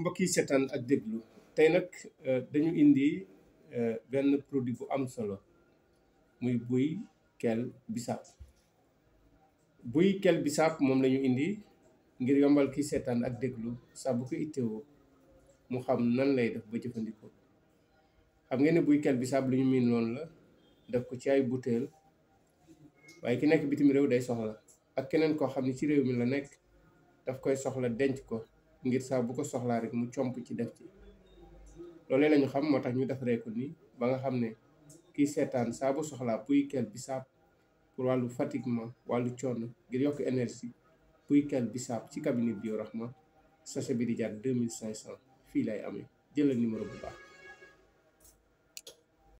mbokk yi seetaan ak déglu tey nag euh, dañu indi euh, benn produit bu am solo muy buy kell bisaab buy kel bisaab moom lañu indi ngir yombal ki seetaan ak déglu saa bu ko ittewoo mu xam nan lay def ba jëfandikoo xam ngeen ne buy kel bisaab lu ñu miin loolu la def ko ci ay butéel waaye ki nekk bitim réew day soxla ak keneen koo xam ne ci réew mi la nekk daf koy soxla denc ko ngir saa bu ko soxlaa rek mu comp ci def ci loole lañu xam moo tax ñu defaree ko nii ba nga xam ne kiy seetaan saa soxlaa puy kel bisaab pour wàllu fatiguement wàllu coono ngir yokk énergie puy kel bisaab ci cabinet Biorahma sachet ma di jar deux mille cinq fii lay amee jëlal numéro bu baax